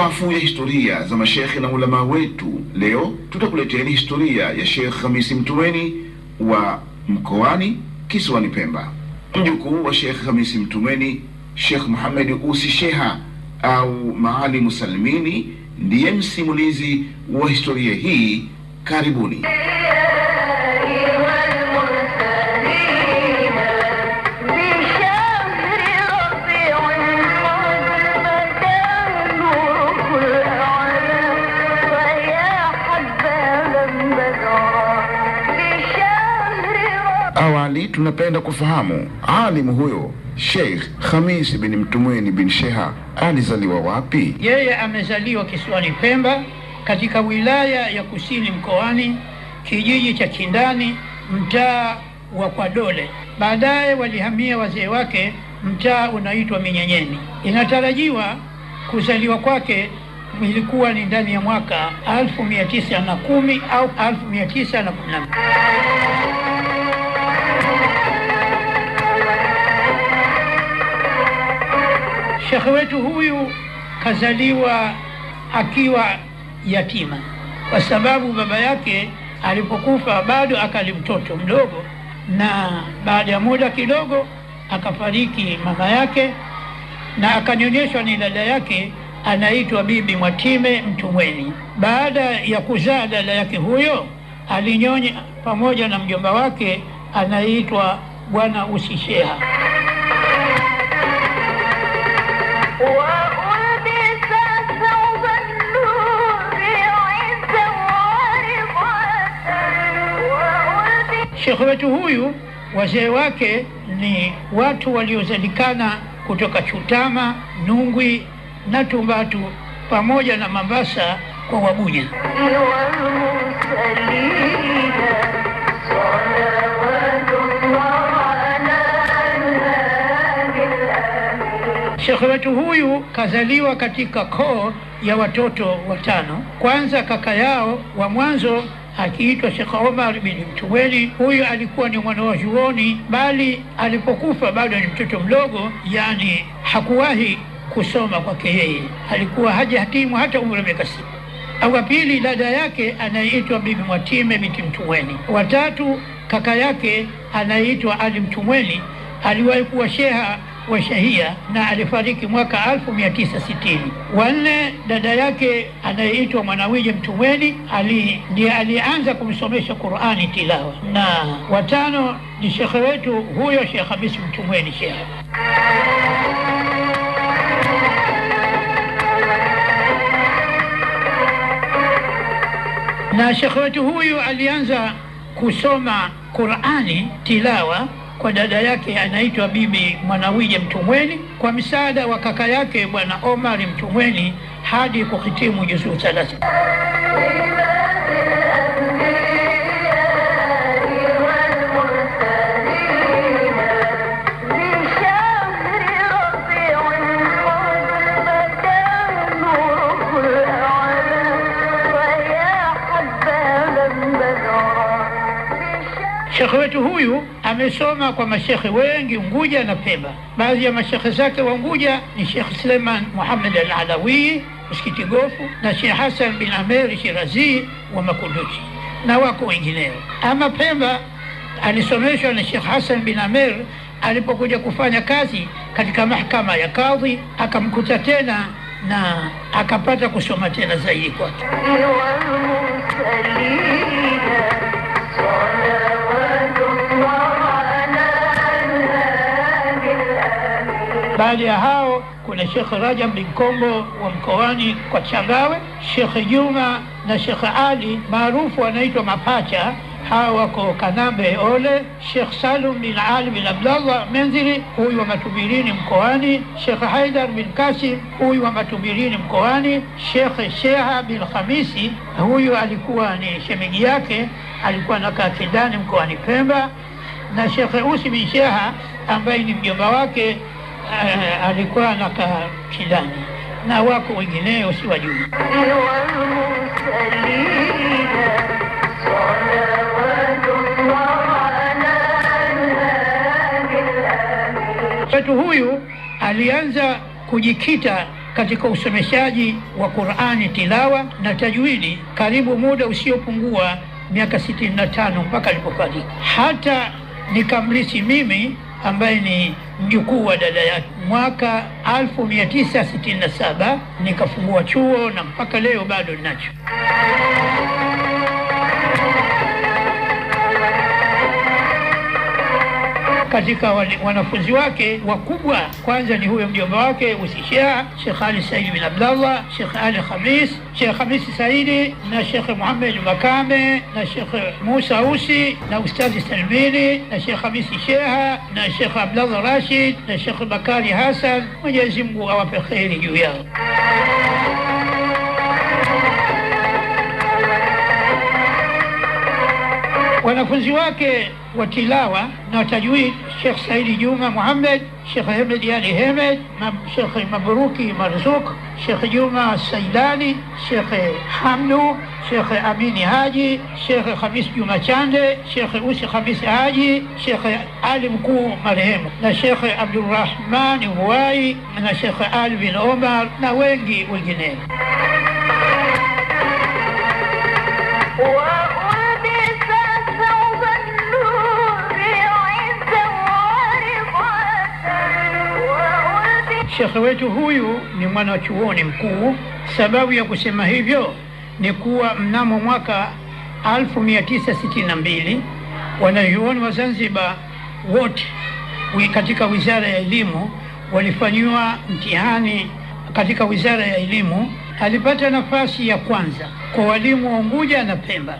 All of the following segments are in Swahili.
safu ya historia za mashekhe na ulama wetu, leo tutakuleteeni historia ya Sheikh Hamisi mtumeni wa mkoani kisiwani Pemba, mjukuu wa Sheikh Hamisi mtumeni Sheikh Muhammad Usi Sheha au maalim Salmini ndiye msimulizi wa historia hii. Karibuni. zaidi tunapenda kufahamu alimu huyo Sheikh Khamis bin Mtumweni bin Sheha alizaliwa wapi? Yeye amezaliwa kisiwani Pemba katika wilaya ya Kusini mkoani, kijiji cha Kindani, mtaa wa Kwadole. Baadaye walihamia wazee wake mtaa unaitwa Minyenyeni. Inatarajiwa kuzaliwa kwake ilikuwa ni ndani ya mwaka 1910 au 1910. Shekhe wetu huyu kazaliwa akiwa yatima, kwa sababu baba yake alipokufa bado akali mtoto mdogo, na baada ya muda kidogo akafariki mama yake, na akanyonyeshwa ni dada yake anaitwa Bibi Mwatime Mtumweni. Baada ya kuzaa dada yake huyo, alinyonya pamoja na mjomba wake anaitwa Bwana Usisheha. Shekhe wetu huyu wazee wake ni watu waliozalikana kutoka Chutama, Nungwi na Tumbatu pamoja na mambasa kwa Ni Shekhe wetu huyu kazaliwa katika koo ya watoto watano. Kwanza kaka yao wa mwanzo akiitwa Sheikh Omar bin Mtuweli. Huyu alikuwa ni mwana juoni, bali alipokufa bado ni mtoto mdogo, yani hakuwahi kusoma kwake yeye, alikuwa hajahitimu hata umri wa miaka sita. Wa pili dada yake anayeitwa Bibi Mwatime binti Mtumweni. Watatu kaka yake anayeitwa Ali Mtumweni aliwahi kuwa sheha wa Shahia na alifariki mwaka 1960. Wanne, dada yake anayeitwa Mwanawiji Mtumweni ali ndiye alianza kumsomesha Qur'ani tilawa, na watano ni shekhe wetu huyo shekh Hamisi Mtumweni shekhe na shekhe wetu huyu alianza kusoma Qur'ani tilawa kwa dada yake anaitwa Bibi mwanawije Mtumweni kwa msaada wa kaka yake Bwana Omar Mtumweni hadi kuhitimu juzuu thelathini. Shekhe wetu huyu amesoma kwa mashekhe wengi Unguja na Pemba. Baadhi ya mashekhe zake wa Unguja ni Shekh Suleiman Muhammad Al-Alawi msikiti Gofu na Shekh Hasan bin Ameri Shirazi wa Makunduchi na wako wengineo. Ama Pemba alisomeshwa na Shekh Hasan bin Amer alipokuja kufanya kazi katika mahakama ya kadhi, akamkuta tena na akapata kusoma tena zaidi kwake. Baada ya hao kuna shekhe Rajab bin Kombo wa mkoani kwa Changawe, shekhe Juma na shekhe Ali maarufu wanaitwa mapacha hawa wako Kanambe Ole, Sheikh Salum bin Ali bin Abdallah Menzili, huyu wa Matubirini mkoani, Sheikh Haidar bin Kasim, huyu wa Matubirini mkoani, Sheikh Sheha bin Khamisi, huyu alikuwa ni shemeji yake, alikuwa nakaa Kindani mkoani Pemba, na Sheikh Usi bin Sheha ambaye ni mjomba wake uh, alikuwa anakaa kidani na wako wengineo si wajui. wetu huyu alianza kujikita katika usomeshaji wa Qur'ani tilawa na tajwidi karibu muda usiopungua miaka 65 mpaka alipofariki. Hata nikamlisi mimi ambaye ni mjukuu wa dada yake. Mwaka 1967 nikafungua chuo na mpaka leo bado ninacho. katika wanafunzi wake wakubwa, kwanza ni huyo mjomba wake Usishaa, Shekh Ali Saidi bin Abdallah, Shekh Ali Khamis, Shekh Hamisi Saidi na Shekh Muhamed Makame na Shekh Musa Usi na Ustadhi Salmini na Shekh Hamisi Sheha na Shekh Abdallah Rashid na Shekh Bakari Hasan. Mwenyezi Mungu awape kheri juu yao. wanafunzi wake wa tilawa na tajwid, Sheikh Saidi Juma Muhammad, Sheikh Hemed Ali Hemed, Sheikh Mabruki Marzuk, Sheikh Juma Saidani, Sheikh Hamdu, Sheikh Amini Haji, Sheikh Khamis Juma Chande, Sheikh Usi Khamis Haji, Sheikh Ali mkuu marehemu, na Sheikh Abdurrahmani Huwai na Sheikh Ali Omar na wengi wengineo. Shekhe wetu huyu ni chuoni mkuu. Sababu ya kusema hivyo ni kuwa mnamo mwaka 1962 wanavyuoni wa Zanzibar wote katika wizara ya elimu walifanyiwa mtihani katika wizara ya elimu. Alipata nafasi ya kwanza kwa walimu wa Unguja na Pemba.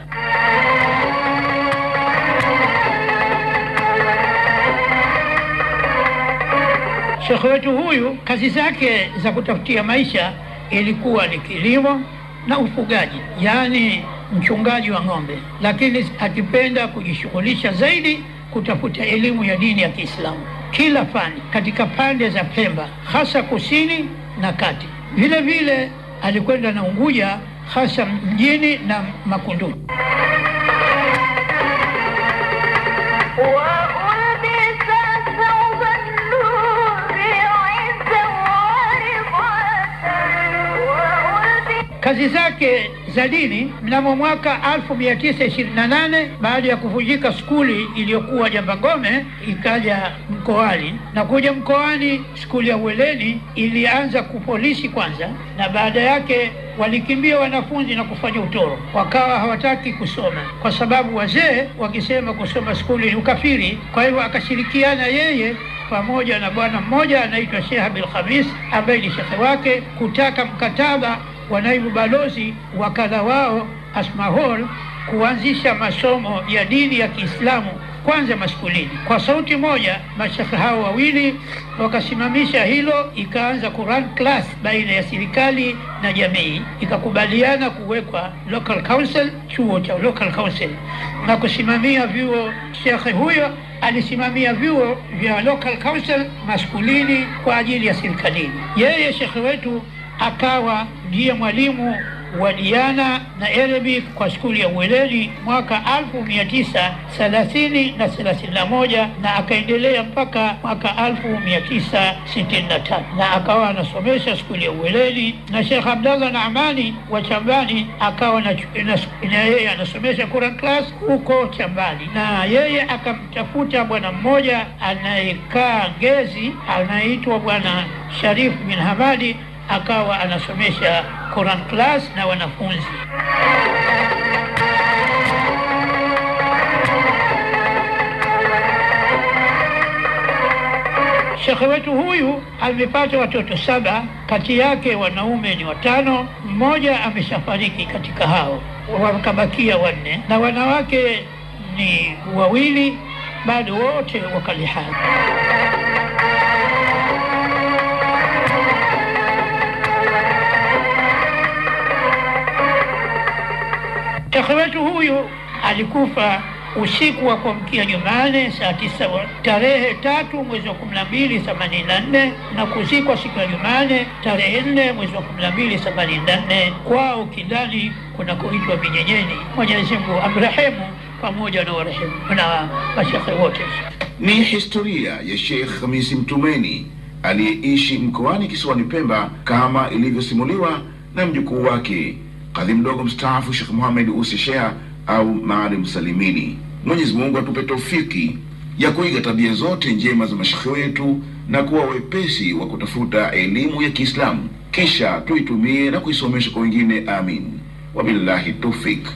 Shekhe wetu huyu kazi zake za kutafutia maisha ilikuwa ni kilimo na ufugaji, yaani mchungaji wa ng'ombe, lakini akipenda kujishughulisha zaidi kutafuta elimu ya dini ya Kiislamu kila fani katika pande za Pemba, hasa kusini na kati. Vile vile alikwenda na Unguja, hasa mjini na Makunduni. kazi zake za dini mnamo mwaka 1928 baada ya kuvunjika skuli iliyokuwa Jambangome ikaja Mkoani, na kuja Mkoani skuli ya Ueleni ilianza kupolisi kwanza, na baada yake walikimbia wanafunzi na kufanya utoro, wakawa hawataki kusoma kwa sababu wazee wakisema kusoma skuli ni ukafiri. Kwa hivyo akashirikiana yeye pamoja na bwana mmoja anaitwa Sheikh abdul Khamis ambaye ni shekhe wake kutaka mkataba wa naibu balozi kadha wao Asmahol kuanzisha masomo ya dini ya Kiislamu kwanza maskulini. Kwa sauti moja, mashekhe hao wawili wakasimamisha hilo, ikaanza kuran class baina ya serikali na jamii, ikakubaliana kuwekwa local council, chuo cha local council na kusimamia vyuo. Shekhe huyo alisimamia vyuo vya local council maskulini kwa ajili ya serikalini. Yeye shekhe wetu akawa ndiye mwalimu wa Diana na Arabic kwa shule ya uweledi mwaka 1930 na 31 na akaendelea mpaka mwaka 1963 na akawa anasomesha shule ya uweledi, na Sheikh Abdallah Naamani wa Chambani akawa na, na, na yeye anasomesha Quran class huko Chambani, na yeye akamtafuta bwana mmoja anayekaa Ngezi anaitwa bwana Sharif bin Hamadi akawa anasomesha Quran class na wanafunzi. Shekhe wetu huyu amepata watoto saba, kati yake wanaume ni watano, mmoja ameshafariki katika hao, wakabakia wanne, na wanawake ni wawili, bado wote wakalihali. Shekhe wetu huyu alikufa usiku wa kuamkia Jumane saa tisa tarehe tatu mwezi wa kumi na mbili themanini na nne na kuzikwa siku ya Jumane tarehe nne mwezi wa kumi na mbili themanini na nne kwao Kindani kunakoitwa Vinyenyeni. Mwenyezi Mungu amrehemu pamoja na warehemu na mashekhe wote. Ni historia ya Sheikh Khamisi Mtumeni aliyeishi mkoani kisiwani Pemba kama ilivyosimuliwa na mjukuu wake kadhi mdogo mstaafu Sheikh Mohamed usishea Shea au Maalim Salimini. Mwenyezi Mungu atupe tofiki ya kuiga tabia zote njema za mashekhe wetu na kuwa wepesi wa kutafuta elimu ya Kiislamu, kisha tuitumie na kuisomesha kwa wengine. Amin, wabillahi tufik.